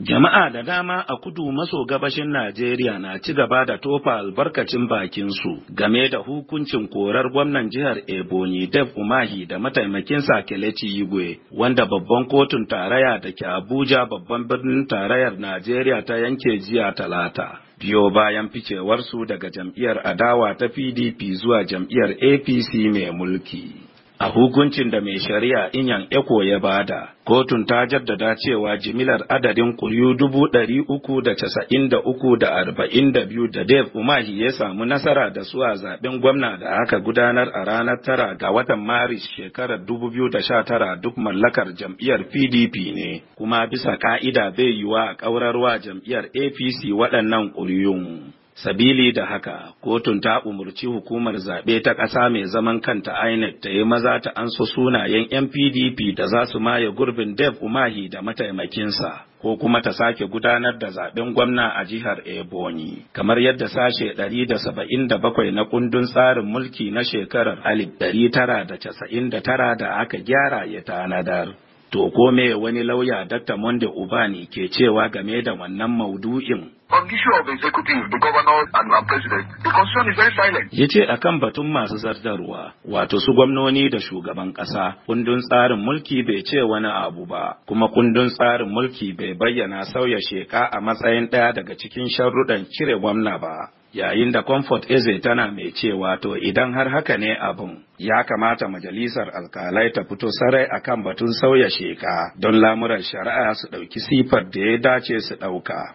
Jama'a da dama a kudu maso gabashin Najeriya na ci gaba da tofa albarkacin bakinsu game da hukuncin korar gwamnan jihar Ebonyi Dev Umahi da mataimakinsa Kelechi Igwe wanda babban kotun taraya da ke Abuja babban birnin tarayyar Najeriya ta yanke jiya talata. Biyo bayan ficewarsu daga jam'iyyar adawa ta PDP zuwa jam'iyyar APC mai mulki. A hukuncin da mai shari'a Inyan Eko ya bada, kotun ta jaddada cewa jimilar adadin kuryu dubu ɗari uku da casa'in da uku da arba'in da biyu da Dev Umahi ya samu nasara da su a zaɓen gwamna da aka gudanar a ranar tara ga watan Maris shekarar dubu biyu da sha tara duk mallakar jam'iyyar PDP ne, kuma bisa ka'ida bai yiwa a ƙaurarwa jam'iyyar APC waɗannan kuryun. sabili da haka kotun ta umurci hukumar zaɓe ta ƙasa mai zaman kanta inec ta yi maza ta anso sunayen yan pdp da za su maye gurbin dev umahi da mataimakinsa ko kuma ta sake gudanar da zaɓen gwamna a jihar ebonyi kamar yadda sashe 177 na kundin tsarin mulki na shekarar 1999 da aka gyara ya tanadar To ko wani lauya Dr. Monde Ubani ke cewa game da wannan maudu'in? Ya ce akan batun masu zartarwa, wato su gwamnoni da shugaban ƙasa, kundin tsarin mulki bai ce wani abu ba, kuma kundin tsarin mulki bai bayyana sauya sheka a matsayin ɗaya daga cikin sharruɗan cire gwamna ba. yayin da comfort eze tana mai cewa to idan har haka ne abin ya kamata majalisar alkalai ta fito sarai a kan batun sauya sheka don lamuran shari'a su ɗauki sifar da ya dace su ɗauka.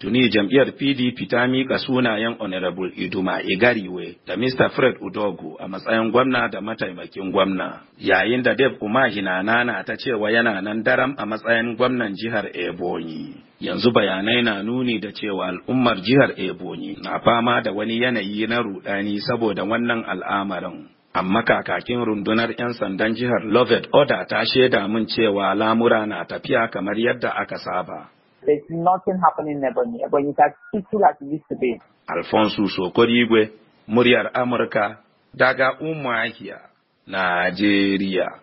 tuni jam'iyyar pdp ta mika sunayen honorable iduma igariwe da mr fred udogu a matsayin gwamna da mataimakin gwamna yayin da dave umahina nana ta cewa yana nan daram a matsayin gwamnan jihar ebonyi yanzu bayanai na nuni da cewa al'ummar jihar ebonyi na fama da wani yanayi na rudani saboda wannan al'amarin amma kakakin rundunar 'yan sandan jihar lovet oda ta shaida mun cewa lamura na tafiya kamar yadda aka saba There's nothing happening in near, but is as peaceful as it used to be. Alfonso Sokorigwe, muryar Amurka, daga Umuahia, Najeriya.